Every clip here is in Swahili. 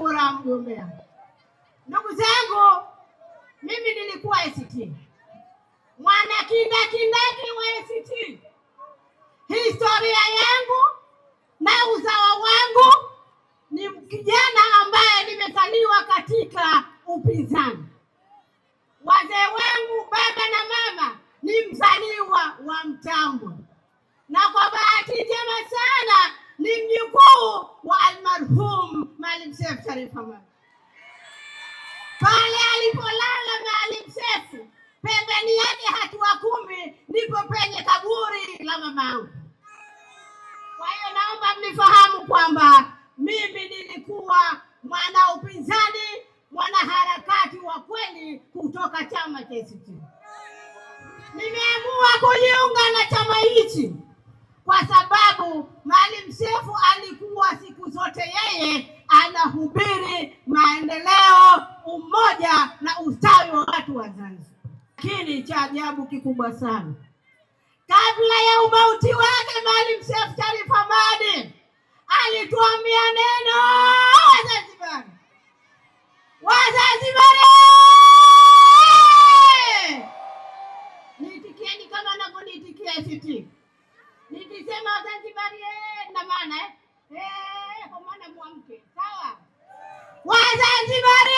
Mvula mgombea. Ndugu zangu, mimi nilikuwa ACT mwana kindakindaki wa ACT. Historia yangu na uzawa wangu ni kijana ambaye nimezaliwa katika upinzani. Wazee wangu baba na mama ni mzaliwa wa Mtambwe, na kwa bahati njema sana ni mjukuu wa almarhum Maalim Seif Sharif Hamad pale alipolala Maalim Seif pembeni yake hatua kumi ndipo penye kaburi la mamangu. Kwa hiyo naomba mnifahamu kwamba mimi nilikuwa mwana upinzani, mwanaharakati wa kweli kutoka chama cha ACT. Nimeamua kujiunga na chama hichi kwa sababu Maalim Seif alikuwa siku zote yeye anahubiri maendeleo, umoja na ustawi wa watu wa Zanzibar. Lakini cha ajabu kikubwa sana, kabla ya umauti wake Maalim Seif Sharif Hamad alituambia neno Wazanzibari, Wazanzibari, niitikieni kama navyoniitikia ACT nikisema Wazanzibari eh, na maana eh Hey, kwa maana Wazanzibari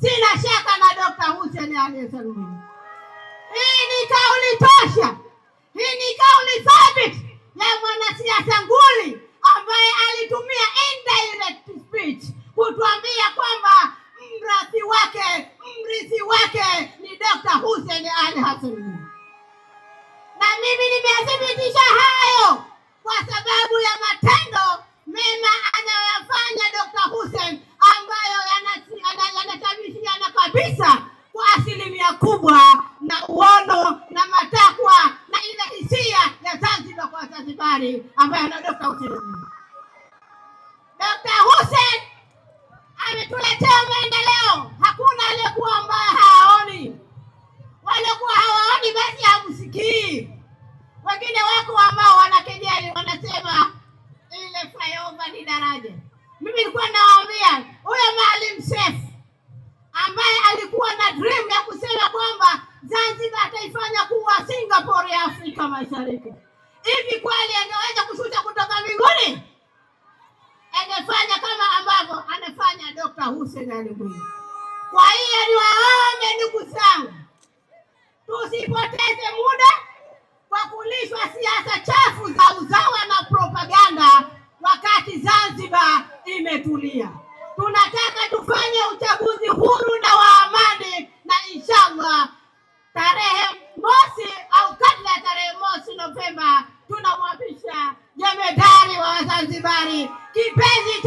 sina shaka na Dokta Hussein Ali Salum. Hii ni kauli tosha, hii ni kauli thabiti ya mwanasiasa nguli ambaye alitumia indirect speech kutuambia kwamba mrithi wake mrithi wake ni Dokta Hussein Ali Hassan. kutuletea maendeleo. Hakuna aliyekuwa ambaye hawaoni, waliokuwa hawaoni basi hamsikii. Wengine wako ambao wanakejeli, wanasema ile fayoba ni daraja. Mimi nilikuwa nawaambia huyo Maalim Seif ambaye alikuwa na dream ya kusema kwamba Zanzibar ataifanya kuwa Singapore ya Afrika Mashariki. Hivi kweli anaweza kushusha kutoka mbinguni? Angefanya Dr. Hussein Ali Mwinyi. Kwa hiyo niwaombe ndugu zangu, tusipoteze muda kwa kulishwa siasa chafu za uzawa na propaganda wakati Zanzibar imetulia. Tunataka tufanye uchaguzi huru na wa amani, na inshallah tarehe mosi au kabla ya tarehe mosi Novemba tunamwapisha jemedari wa Wazanzibari kipenzi